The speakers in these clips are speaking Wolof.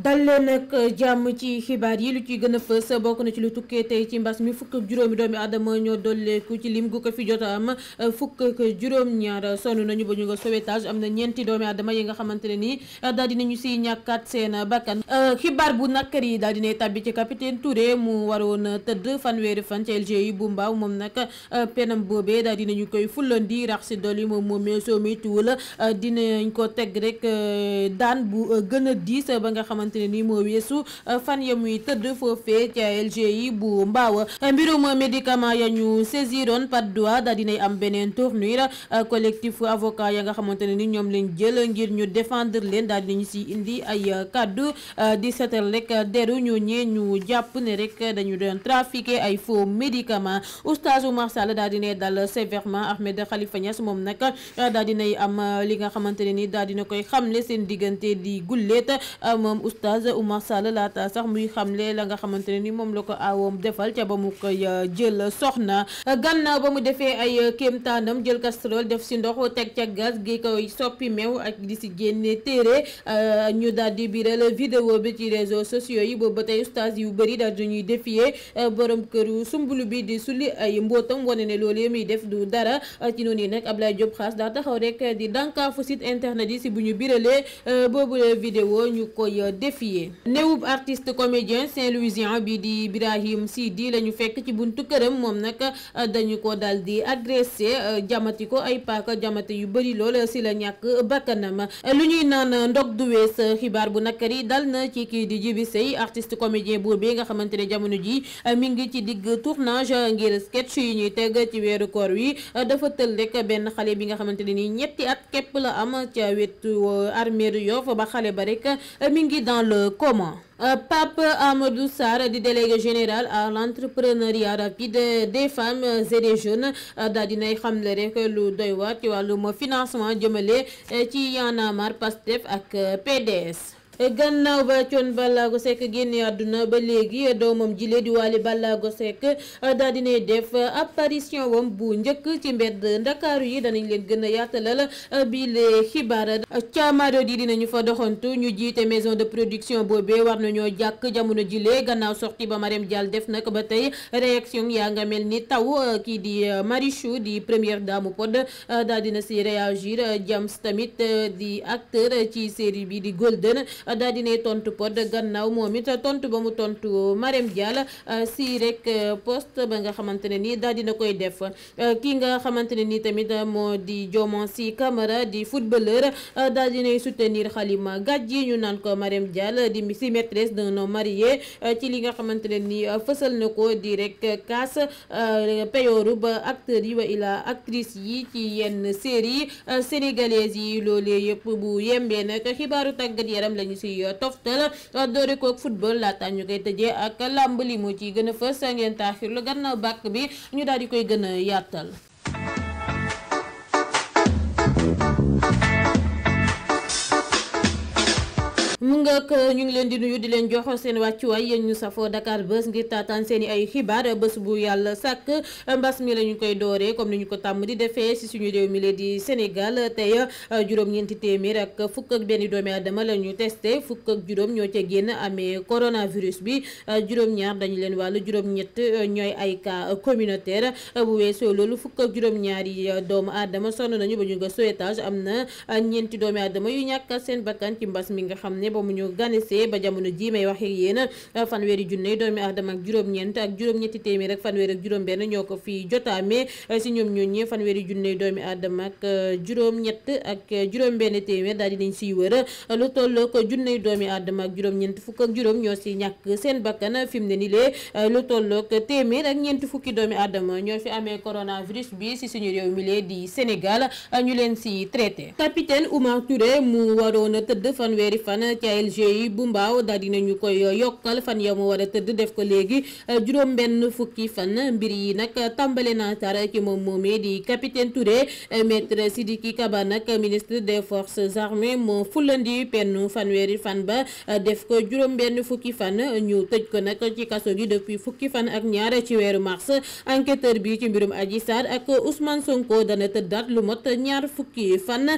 dal leen nag jàmm ci xibaar yi lu ciy gën a fës bokk na ci lu tukkee tey ci mbas mi fukk ak juróomi doomi aadama ñoo dolleeku ci lim gu ko fi jot fukk juróom-ñaar sonn nañu ba ñu nga sauvetage am na ñeenti doomi aadama yi nga xamante ne nii daal dinañu siy ñàkkaat seen bakkan xibaar bu nakkar yi daal dinay tàbbi ci capitaine Touré mu waroon tëdd fanweeri fan ci yi bu mbaaw moom nag penam boobee daal dinañu koy fullandi rax si dolli moom moomee soo moytuwul dinañ ko teg rek daan bu gën a diis ba nga xamante xamante ne nii moo weesu uh, fan ya muy tëdd foofee ca LGI bu mbaaw uh, mbirum médicament ya ñu saisiroon Patte d'Oie daal dinay am beneen tournure uh, collectif avocat ya nga xamante ne ni ñoom lañ jël ngir ñu défendre leen daal dinañu si indi ay kàddu di seetal rek deru ñu ñee ñu jàpp ne rek dañu doon trafiqué ay fo médicament oustaz Oumar Sall daal dinay dal sévèrement Ahmed Khalifa Niass moom nag daal dinay am li nga xamante ne ni daal dina koy xamle seen diggante di gulleet moom oustaz Oumar Sall laata sax muy xamle la nga xamante ne ni moom la ko aawoom defal ca ba mu koy euh, jël soxna gannaaw ba mu defee ay euh, kéemtaanam jël casserole def si ndox teg ca gaz gi koy soppi meew ak di si génne téere euh, ñu daal di biral vidéo bi ci réseaux sociaux yi boobu ba tey oustaz yu bari daal ñuy défier borom këru sumbulu bi di sulli ay mbootam wane ne loolu muy def du dara ci noonu yi nag Ablaye Diop xaas daa taxaw rek di dànkaafu site internet yi si bu défier néewub artiste comédien saint-louisien bi di Ibrahim Sidi la fekk ci buntu këram moom nag euh, dañu ko daal di agressé euh, jamati ko ay paaka jamate yu bëri lool si la ñàkk bakkanam lu ñuy naan ndog du wees xibaar bu nakari dal na ci kii di Djiby Sèye artiste comédien boobee nga xamante ne jamono ji euh, mi ngi ci digg tournage ngir sketch yi ñuy teg ci weeru koor wi dafa tël rek benn xale bi nga xamante ni nii ñetti at képp la am ca wetu armée Yoff ba xale dans le comment. Euh, Pape Amadou Sarr di délégué général à l'entrepreneuriat rapide des femmes et des jeunes euh, daal dinay xamle rek lu doy waar ci wàllum financement jëmale euh, ci Y'en a ak PDS. gannaaw ba Thione Ballago Seck génne àdduna ba léegi doomam jile di Wally Ballago Seck daa dinay def apparition wam bu njëkk ci mbedd ndakaaru yi danañ leen gën a yaatalal bii le xibaar caamaado di dinañu fa doxantu ñu jiite maison de production boobee war nañoo jàkk jamono jile gannaaw sorti ba Marème Dial def nag ba tey réaction yaa nga mel ni taw kii di Marichou di première dame pod daa na si réagir James tamit di acteur ci série bi di Golden daa dinay tontu pod gannaaw moom it tontu ba mu tontu Marème Dial euh, si rek euh, poste ba nga xamante ne nii daa dina koy def euh, ki nga xamante ne nii tamit moo di si Camara di footballeur daa dinay soutenir Halima Gadji ñu naan ko Marème Dial di si maîtresse d'un homme ci li nga xamante ne nii fësal na ko di rek kaas peyooru ba acteurs yi wa ila actrice yi ci yenn série sénégalaise yi loolee yëpp bu yembee nag xibaaru tàggat yaram lañu si toftal doore koog football laata ñu koy tëjee ak làmbali li moo ciy gën a fës ngeen taaxirlu gannaaw bàkk bi ñu daal di koy gën a yaatal mu nga ko ñu ngi leen di nuyu di leen jox seen wàccuwaay yéen ñu safoo Dakar Buzz ngir taataan seen i ay xibaar bés bu yàlla sàkk mbas mi la ñu koy dooree comme ni ñu ko tàmm di defee si suñu réew mi la di Sénégal tey juróom-ñeenti téeméer ak fukk benn doomi aadama la ñu testé fukk ak ñoo ca génn amee coronavirus bi juróom-ñaar dañu leen wàll juróom-ñett ñooy ay cas communautaire bu weesoo loolu fukk ak juróom-ñaar doomu aadama sonn nañu ba ñu nga sowetage am na ñeenti doomi aadama yu ñàkk seen bakkan ci mbas mi nga xam ne ba mu ñu ganisee ba jamono ji may wax ak yéen fanweeri junne doomi aadama ak juróom-ñeent ak juróom-ñetti téeméer ak fanweer ak juróom-benn ko fi jotaamee si ñoom fanweeri junne doomi ak juróom-ñett ak doomi aadama ak juróom-ñeent fukk ak juróom ñoo si ñakk seen bakkan fi mu ne ni lee lu toll ko téeméer ak ñeent fukki doomi adama ñoo fi amee coronavirus bi si suñu réew mi lee di Sénégal ñu leen si traité capitaine Oumar Touré mu waroon a tëdd fanweeri fan. CLG yi bu mbaaw daal dinañu koy yokkal fan ya mu war tëdd def ko léegi eh, juróom benn fukki fan mbir yi nag tàmbali na tar ci moom moomee di capitaine Touré eh, maître Sidiki Kaba nag ministre des forces armées moo fulandi penn fanweeri fan ba eh, def ko juróom benn fukki fan ñu tëj ko nag ci kaso gi depuis fukki fan ak ñaar ci weeru mars enquêteur bi ci mbirum Adji Sarr ak Ousmane Sonko dana tëddaat lu mot ñaar fukki fan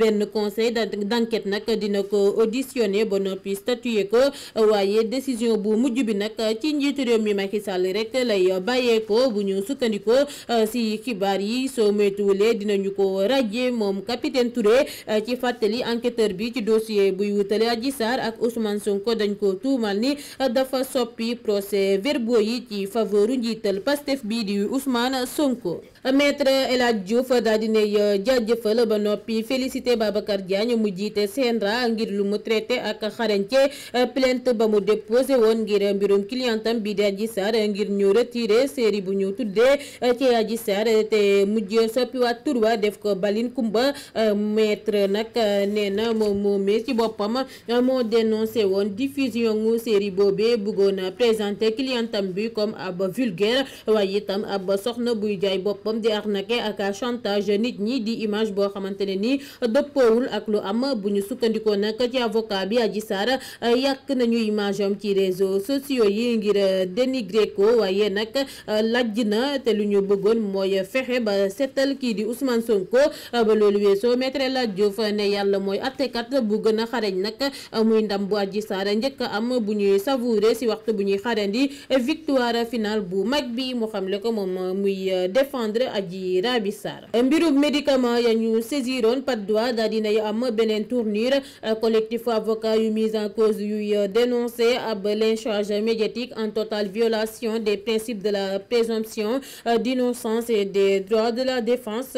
benn conseil d'enquête nag dina ko auditionné ba noppi statué ko waaye décision bu mujj bi nag ci njiitu réew mi Macky Sall rek lay bàyyeekoo bu ñu sukkandikoo euh, si xibaar yi soo moytuwulee dinañu ko ràjjee moom capitaine Touré euh, ci fàttali enquêteur bi ci dossier buy wutale Adji ak Ousmane Sonko dañ ko tuumal ni euh, dafa soppi procès verbaux yi ci faveur njiital Pastef bi di Ousmane Sonko. maître El Hadj Diouf daal di nay euh, ba noppi félicité Babacar Diagne mu jiite CNRA ngir lu mu traité ak xarañte euh, plainte ba mu déposé woon ngir mbirum clientam bi di Adji Sarr ngir ñu retiré série bu ñu tuddee euh, ci Adji Sarr te mujj soppiwaat tur wa def ko balin Kumba maître nag nee na moom moomee ci boppam moo dénoncé woon diffusion ngu série boobee bëggoon a présenté clientam bi comme ab vulgaire waaye itam ab soxna buy jaay boppam. itam di arnaquer ak chantage nit ñi di image boo xamante ne ni dëppoowul ak lu am bu ñu sukkandikoo nag ci avocat bi Adji Sarr yàq nañu image am ci réseaux sociaux yi ngir dénigrer ko waaye nag lajj na te lu ñu bëggoon mooy fexe ba seetal kii di Ousmane Sonko ba loolu weesoo Maître El Hadji Diouf ne yàlla mooy attekat bu gën a xareñ nag muy ndam bu Adji Sarr njëkk am bu ñuy savourer si waxtu bu ñuy xarendi victoire finale bu mag bi mu xamle ko moom muy défendre aji Rabi Sarr mbirum médicament ya ñu saisiroon Patte d'Oie daa dinay am beneen tournure euh, collectif avocat yu mise en cause yuy euh, dénoncé ab lynchage médiatique en totale violation des principes de la présomption euh, d'innocence et des droits de la défense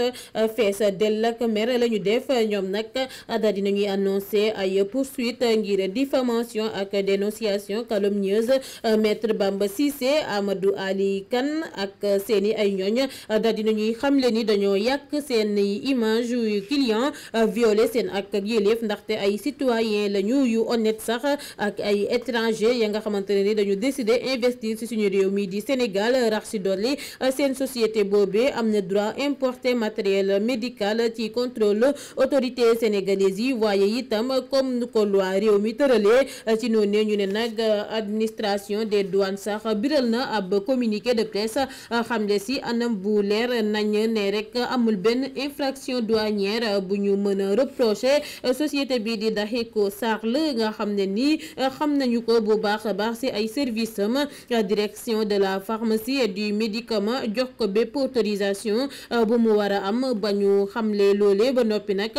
fees dell ak mer def ñoom nag daa dinañuy annoncé ay poursuite ngir diffamation ak dénonciation calomnieuse maître Bamba Cissé Amadou Ali Kane ak seeni ay ñooñ dinañuy xamle ni dañoo yàq seen image yu client euh, violé seen ak yéleef ndaxte ay citoyen lañu yu honnête sax ak ay étranger ya nga xamante ne ni dañu décider investir ci suñu réew mi di Sénégal rax ci dolli euh, seen société boobee am na droit importer matériel médical ci contrôle autorité sénégalaise yi waaye itam comme nu ko loi réew mi tëralee euh, ci noonu ñu ne nag administration des douanes sax biral na ab communiqué de presse xamle ci anam bu leer leer nañ ne rek amul benn infraction douanière bu ñu mën a reprocher société bi di Daxiko Sarl nga xam ne nii xam nañu ko bu baax a baax ci ay services am direction de la pharmacie et du médicament jox ko bépp autorisation bu mu war a am ba ñu xamle loole ba noppi nag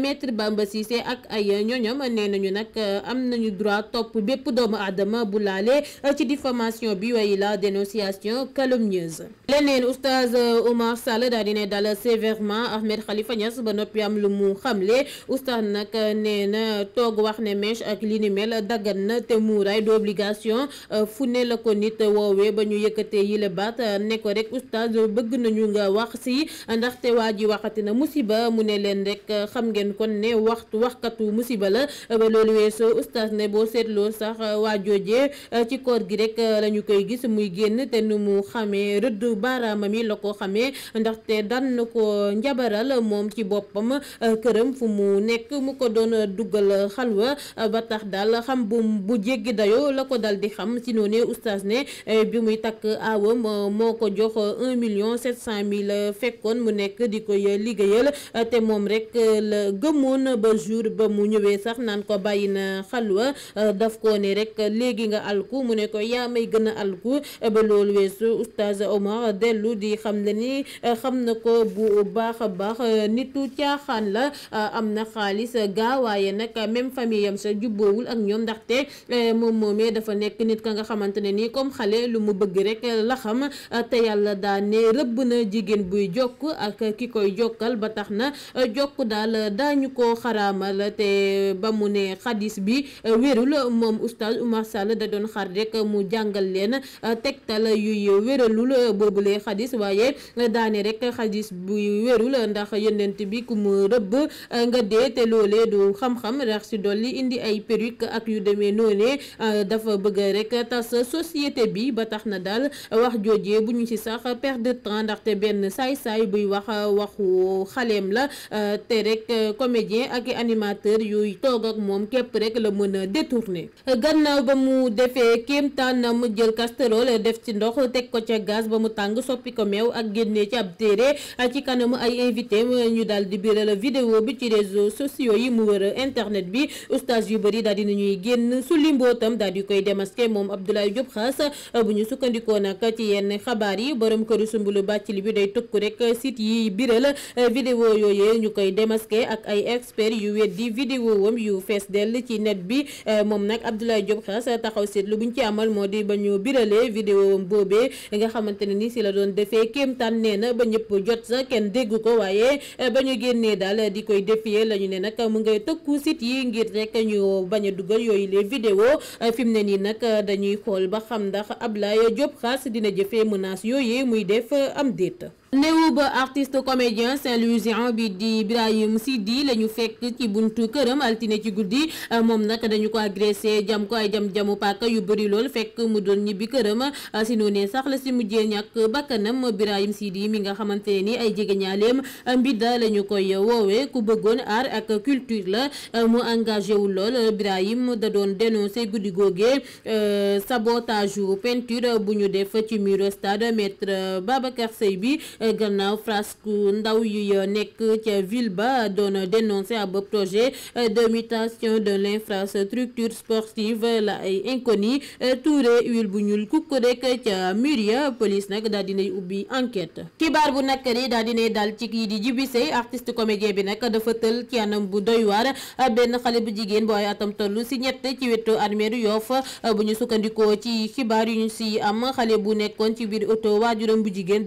maître Bamba Cissé ak ay ñoñam ne nañu nag am nañu droit topp bépp doomu aadama bu laale ci diffamation bi way la dénonciation calomnieuse Omar Sall daal di ne dal mu xamle oustaz nag nee na toog wax ne mèche ak li ni mel daggan na te muuraay d' obligation euh, fu ne la ko woowee ba ñu yëkkatee yi baat euh, ne ko rek oustaz bëgg nañu nga wax si ndaxte waa ji waxati na musiba mu ne leen rek euh, xam ngeen kon ne waxtu waxkatu musiba la ba loolu weesoo oustaz ne boo seetloo sax waa joojee ci koor gi rek la koy gis muy génn te nu mu xamee rëdd baaraamam yi la ko xamee boobee ndaxte dan na ko njabaral moom ci boppam euh, këram fu mu nekk mu ko doon duggal xalwa euh, ba tax daal xam bu bu jéggi dayoo la ko dal di xam ci noonee oustaz ne euh, bi muy takk aawam moo ko jox un million sept cent mille fekkoon mu nekk di koy liggéeyal te moom rek la gëmoon ba jour ba mu ñëwee sax naan ko bàyyi na xalwa daf koo ne rek léegi nga alku mu ne ko yaa may gën alku ba loolu weesu oustaz Omar dellu di xam le Euh, xam na ko bu baax a baax euh, nitu caaxaan la euh, am na xaalis gaa waaye nag même famille yam sa jubboowul ak ñoom ndaxte moom moomee dafa nekk nit ka nga xamante ne nii comme xale lu mu bëgg rek laxam te yàlla daa rëbb na jigéen buy jokk ak ki koy jokkal ba tax na jokk daal daañu ko xaraamal te ba mu ne xadis bi wérul moom oustaz Oumar Sall da doon xar rek mu jàngal leen tegtal yuy wéralul boobulee xadis waaye daane rek xadis bu wérul ndax yonent bi ku mu rëbb eh, nga dee te loolee du xam-xam rax si dolli indi ay perruque ak yu demee noonee eh, dafa bëgg rek tas société bi ba tax na daal wax joojee bu ñu ci sax per de temps ndaxte benn saay-saay buy wax waxu xaleem la eh, te rek comédien ak animateur yuy toog ak moom képp rek la mën a détourner gannaaw ba mu defee kéemtaanam jël casserole def ci ndox teg ko ca gaz ba mu tàng soppi ko meew ak génn génnee ci ab téere ah, ci kanamu ay invité euh, ñu daal di biral vidéo bi ci réseaux sociaux yi mu wër internet bi oustaz yu bëri daal di nañuy génn su mbootam daal di koy démasqué moom Abdoulaye Diop xas ah, bu ñu sukkandikoo nag ci yenn xabaar yi borom këru sumbulu bàcc li bi day tëkku rek site yi biral ah, vidéo yooyee ñu koy démasqué ak ay experts yu weddi vidéo wam yu fees dell ci net bi moom nag Abdoulaye Diop Khass taxaw seetlu bu ci amal moo di ba ñu biralee vidéo wam boobee nga xamante ne ni si la nee na ba ñëpp jot sa kenn dégg ko waaye eh, ba ñu génnee daal di koy défier la ñu ne nag mu ngay tëkku site yi ngir rek ñu baña dugal yooyu les vidéos eh, fi mu ne nii nag eh, dañuy xool ba xam ndax ab Ablaye Diop Khass dina jëfee menace yooyu muy def am déet. néew ba artiste comédien Saint-Louisien bi di Ibrahim Sidi la ñu fekk ci buntu këram altine ci guddi moom nag dañu ko agressé jam ko ay jam-jamu paaka yu bëri lool fekk mu doon ñibbi këram si noonee sax la si mujjee ñàkk bakkanam Ibrahim di mi nga xamante ne ni ay jegeñaaleem mbidda la ñu koy woowee ku bëggoon art ak culture la mu engagé wu lool Ibrahim da doon dénoncé guddi googee euh, sabotage peinture bu ñu def ci mur stade maître Babacar Seye bi. Euh, gannaaw frasku ndaw yu nekk ca ville ba doon dénoncé ab projet euh, de mutation de l'infrastructure sportive la ay inconnus euh, tuure huile bu ñuul kukk rek ca mur police nag daal dinay ubbi enquête xibaar bu yi daal dinay dal ci kii di Djiby Sèye artiste comédien bi nag dafa tël ci anam bu doy waar benn xale bu jigéen bu ay atam toll si ñett ci wetu armeeru Yoff bu sukkandikoo ci xibaar yu ñu si am xale bu nekkoon ci biir oto waajuram bu jigéen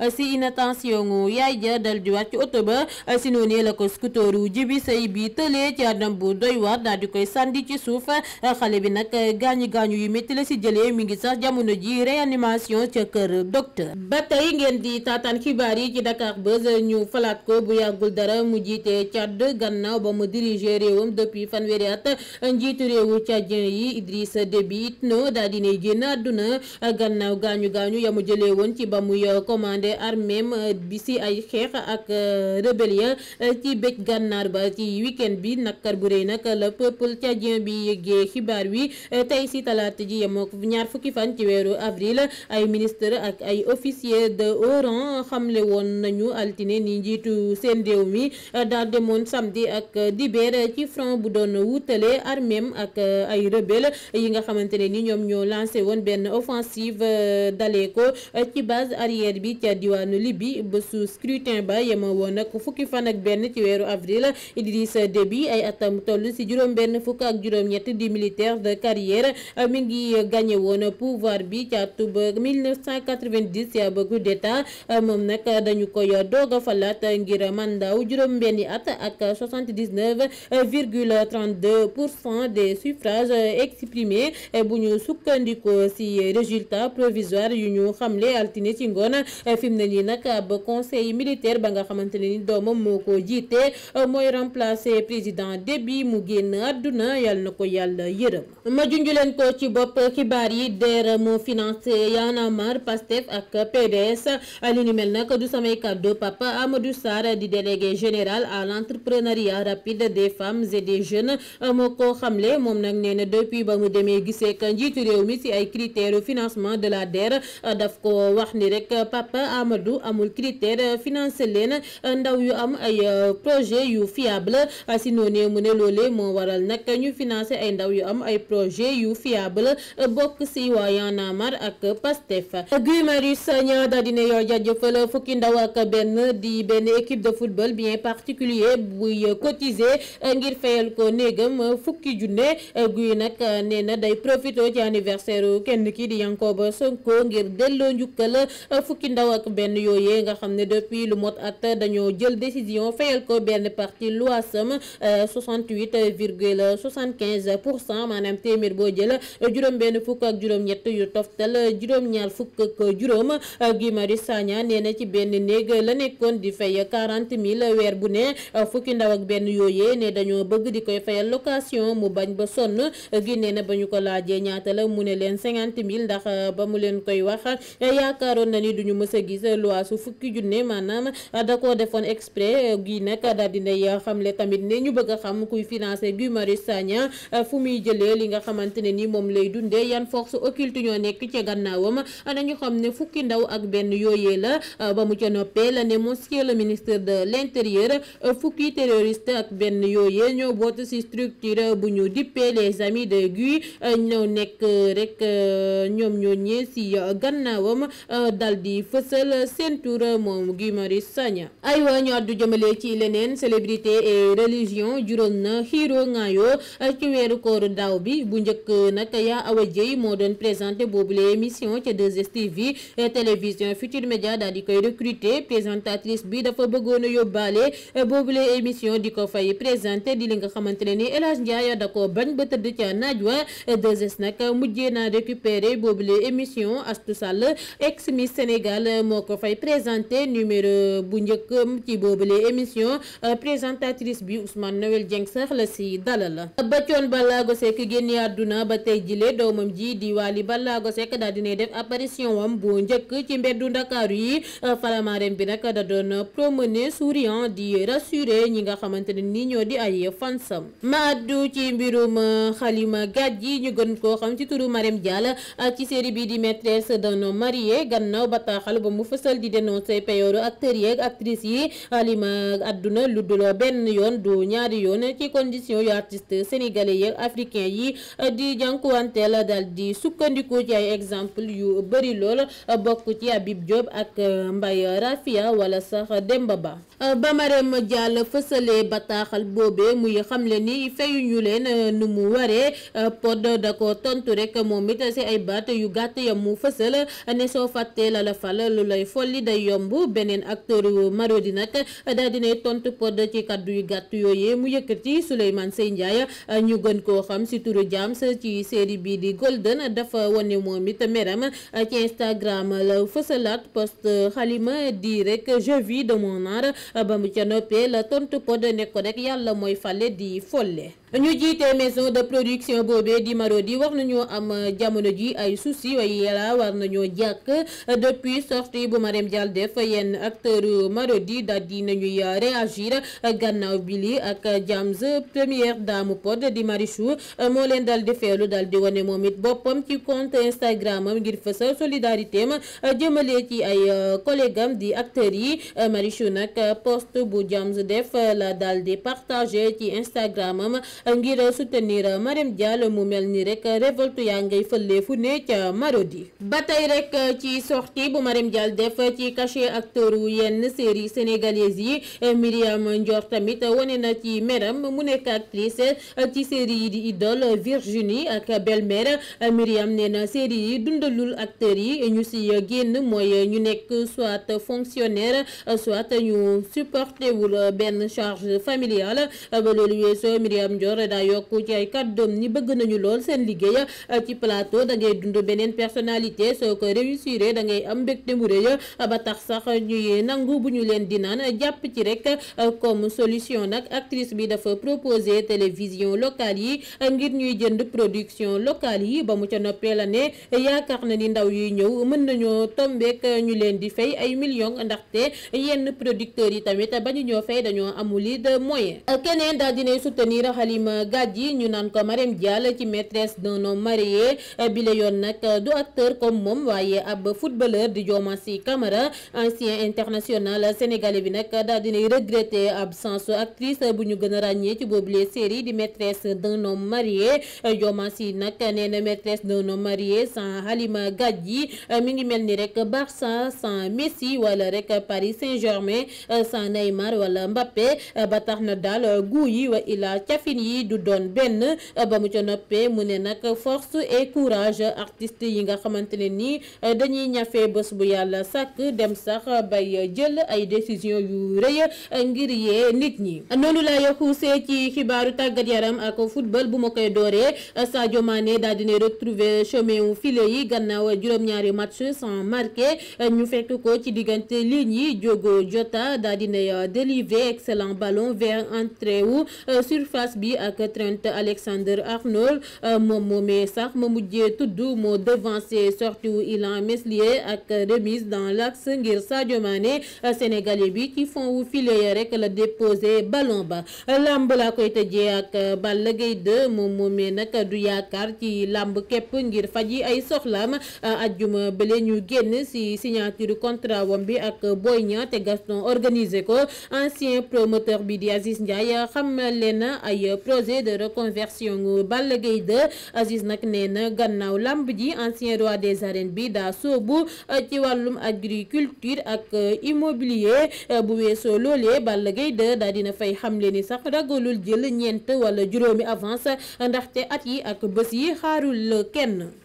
Euh, si inattention yaay ja dal di wàcc oto ba euh, si noonu la ko scooteru jibi sa bi tëlee ci anam bu doy waar daal di koy sànni ci suuf euh, xale bi nag gaañu gaañu yi métti la si jëlee mi ngi sax jamono ji réanimation ca kër docteur ba tey ngeen di taataan yi ci Dakar ñu falaat ko bu yàggul dara mu jiite Tchad gannaaw ba mu diriger réewam depuis fanweeri at njiitu réewu tchadien yi Idriss Déby Itno daal dinay génn àdduna gannaaw gaañu gaañu yamu jëlee woon ci ba muy commencé commandé arméem bi euh, si ay xeex ak euh, rébellion euh, ci bëj gànnaar ba ci week bi nakar bu rëy nag la peuple tchadien bi yëggee xibaar wi tey si talaata ji yemook ñaar fukki fan ci weeru avril ay ministre ak ay officier de haut xamle woon nañu altine ni njiitu seen réew mi daal demoon samedi ak dibeer ci front bu doon wutale arméem ak ay rebelle yi nga xamante ne ni ñoom ñoo lancé woon benn offensive dalee ci base arrière bi ca diwaanu Libye bésu scrutin ba yema woon ak fukki fan ak benn ci weeru avril Idrissa Déby ay atam toll si juróom benn fukk ak juróom-ñett di militaire de carrière mi ngi gagné woon pouvoir bi ca atub 1990 ci ab coup d'état moom nag dañu koy doog a falaat ngir mandaaw juróom benni at ak 79 virgule 32 pour cent de suffrages exprimés bu ñu sukkandikoo si résultat provisoire yu ñu xamle altine ci ngoon Euh, fi mu ne nii nag euh, ba conseil militaire ba nga xamante ne ni doomam moo ko jiite euh, mooy remplacer président Déby mu génn àdduna yàlla na ko yàlla yërëm ma junj leen ko ci bopp xibaar yi DER moo finance Y'en a marre ak PDS li ni mel nag du samay kàddu Papa Amadou Sarr di délégué général à l'entrepreneuriat rapide des femmes et des jeunes moo ko xamle moom nag nee na depuis ba mu demee gisee ak njiitu réew mi ci ay critères financement de la DER Papa Amadou amul critère financé leen ndaw yu am ay euh, projet yu fiable si noonee mu ne loolee moo waral nag ñu financé ay ndaw yu am ay projet yu fiable bokk si waa Y'en a marre ak Pastef Guy Marius Sagna daal dina yoo jaajëfal fukki ndaw ak benn di benn équipe de football bien particulier buy cotiser ngir fayal ko néegam fukki junne guy nag nee na day profité ci anniversaire kenn ki di Yankoba ngir delloo njukkal fukki ndaw ndaw ak benn yooyee nga xam ne depuis lu mot at dañoo jël décision fayal ko benn parti luwaasam euh, 68 virgule 75 pour cent maanaam téeméer boo jël juróom benn fukk ak juróom-ñett yu toftal juróom-ñaar fukk ak juróom Guy Marius Sagna nee na ci benn néeg la nekkoon di fay 40 000 weer bu ne fukki ndaw ak benn yooyee ne dañoo bëgg di koy fayal location mu bañ ba sonn gi na ba ñu ko laajee ñaata la mu ne leen 50 000 ndax ba mu leen koy wax yaakaaroon na ni duñu mës sa gis loi su fukki junne maanaam da koo defoon exprès gi nag daal dinay xamle tamit ne ñu bëgg a xam kuy financé Guy Marius Sagna fu muy jëlee li nga xamante ne ni moom lay dundee yan force occulte ñoo nekk ca gannaawam dañu xam ne fukki ndaw ak benn yooyee la ba mu ca noppee la ne monsieur le ministre de l'intérieur fukki terroriste ak benn yooyee ñoo boot ci structure bu ñu dippee les amis de Guy ñoo nekk rek ñoom ñoo ñee ci gannaawam dal di fësal seen tur moom Guy Marius Sagna aywa àddu jëmale ci leneen célébrité et religion juróom na xiiro ngaayoo ci weeru koor daaw bi bu njëkk nag yaa Awa Dieye moo doon présenté boobule émission ca 2STV télévision Futur Média daal di koy recruter présentatrice bi dafa bëggoon a yóbbaale boobule émission di ko fay présenté di li nga xamante ne ni El Hadj Ndiaye da ko bañ ba tëdd ca naaj wa 2S nag mujjee naa récupéré boobule émission Astou Sall ex moo ko fay présenté numéro bu njëkkam ci boobule émission euh, présentatrice bi Ousmane Noël Dieng sax la si dalal ba coon Balago Seck génne àdduna ba tey jile doomam ji di Wally Balago Seck daal nay def apparition am bu njëkk ci mbeddu Ndakaaru yi euh, falamarem bi nag da doon promener souriant di rassurer ñi nga xamante ne nii ñoo di ay fansam ma addu ci mbirum euh, Halima Gadji ñu gën koo xam ci turu Marème Dial ci série bi di maîtresse d'un homme marié ba mu fësal di dénoncer peyooru acteurs yeeg actrices yi lima àdduna lu dul benn yoon du ñaari yoon ci condition yu artistes sénégalais yi africains yi di jànkuwanteel dal di sukkandiku ci ay exemple yu bëri lool bokk ci Habib Diop ak euh, Mbaye Rafia wala sax Demba Ba ba Marème Diall fësalee bataaxal boobee muy xamle ni feyuñu leen euh, nu mu waree euh, pod da ko tontu rek moom it si ay baat yu gàtt ya mu fësal ne soo fàttee la la lu lay folli day yomb beneen acteur Marodi nag daal dinay tontu pod ci kaddu yu gàtt yooyee mu yëkkati Souleymane Seye Ndiaye ñu gën koo xam si turu James ci série bii di Golden dafa wane moom it meram ci Instagram la fësalaat post xalima di rek je vis de mon ba mu ca noppee la tontu pod ne ko rek yàlla mooy fale di folle ñu jiitee maison de production boobee di Marodi war nañoo am jamono ji ay souci waaye yàlla war nañoo jàkk depuis sortie bu Marème Dial def yenn acteur Marodi daal di nañuy réagir gannaaw bi li ak Jams première dame pod di Marichou moo leen dal di feelu dal di wane moom it boppam ci compte Instagram ngir fësal solidarité am jëmale ci ay euh, collègue am di acteurs yi Marichou nag post bu Jams def la dal di partagé ci Instagram am ngir soutenir Marème Diallo mu mel ni rek révolte yaa ngay fële fu ne ca Marodi. ba tey rek ci sortie bu Marème Diallo def ci cachet acteur wu yenn série sénégalaise yi Myriam Ndior tamit wone na ci meram mu nekk actrice ci série yi di Idole Virginie ak Belle-Mère Myriam na série yi dundalul acteurs yi ñu si génn mooy ñu nekk soit fonctionnaire soit ñu supporté wul benn charge familiale ba loolu weesoo Myriam Junior daa yokku ci ay kàddoom ni bëgg nañu lool seen liggéey eh, ci plateau da ngay dund beneen personnalité soo ko réussir dangay am mbégte mu rëy eh, ba tax sax ñuy nangu bu ñu leen di naan eh, jàpp ci rek kom solution nag actrice bi dafa proposer télévision locale yi ngir ñuy jënd production locale yi ba mu ca noppee la ne yaakaar na ni ndaw yuy ñëw mën nañoo tombeek ñu leen di fay ay millions ndaxte yenn producteurs yi tamit bañ ñoo fay dañoo amul de moyen keneen Ibrahima ñu naan ko Marème Dial ci maîtresse d'un homme marié bi la yoon nag du acteur comme moom waaye ab footballeur di Diomasy Camara ancien international sénégalais bi nag daal dinay regretter absence actrice bu ñu gën a ràññee ci boobule série di maîtresse d'un homme marié Diomasy nag nee na maîtresse d'un homme marié sans Halima Gadji mi ngi mel ni rek Barça sans Messi wala rek Paris Saint-Germain sans Neymar wala Mbappé ba tax na daal guu wa ila cafin yi yi du doon benn euh, ba mu ca noppee mu ne nag force et courage artiste yi nga xamante ne nii euh, dañuy ñafe bés bu yàlla sàkk dem sax bay jël ay décision yu rëy euh, ngir yee nit ñi noonu laay xuusee ci xibaaru tàggat yaram ak football bu ma koy dooree Sadio Mané daal dina retrouver chemin wu filet yi gannaaw juróom-ñaari match sans marqué ñu fekk ko ci diggante ligne ñi Diogo Jota daal dinay délivrer excellent ballon vers entrée surface bi yi ak Trent Alexander Arnold euh, moom moomee sax ma mujjee tudd moo devancé sortie wu Ilan Meslier ak remise dans l'axe ngir Sadio Mané euh, sénégalais bi ci fond wu filet rek la déposé ballon ba làmb laa koy tëjee ak euh, Balla Gaye 2 moom moomee nag du yaakaar ci lamb képp ngir faji ay soxlaam ajjuma bële ñu génn si signature contrat wam bi ak Boy Niang te Gaston organisé ko ancien promoteur bi di Aziz Ndiaye xam leen ay projet de reconversion Balla Gaye 2 Aziz nag nee na gannaaw lamb ji ancien roi des arènes bi daa soobu euh, ci wàllum agriculture ak euh, immobilier euh, bu weesoo loolee Balla Gaye 2 daa dina fay xamle ni sax ragalul jël ñeent wala juróomi avance ndaxte at yi ak bés yi xaarul kenn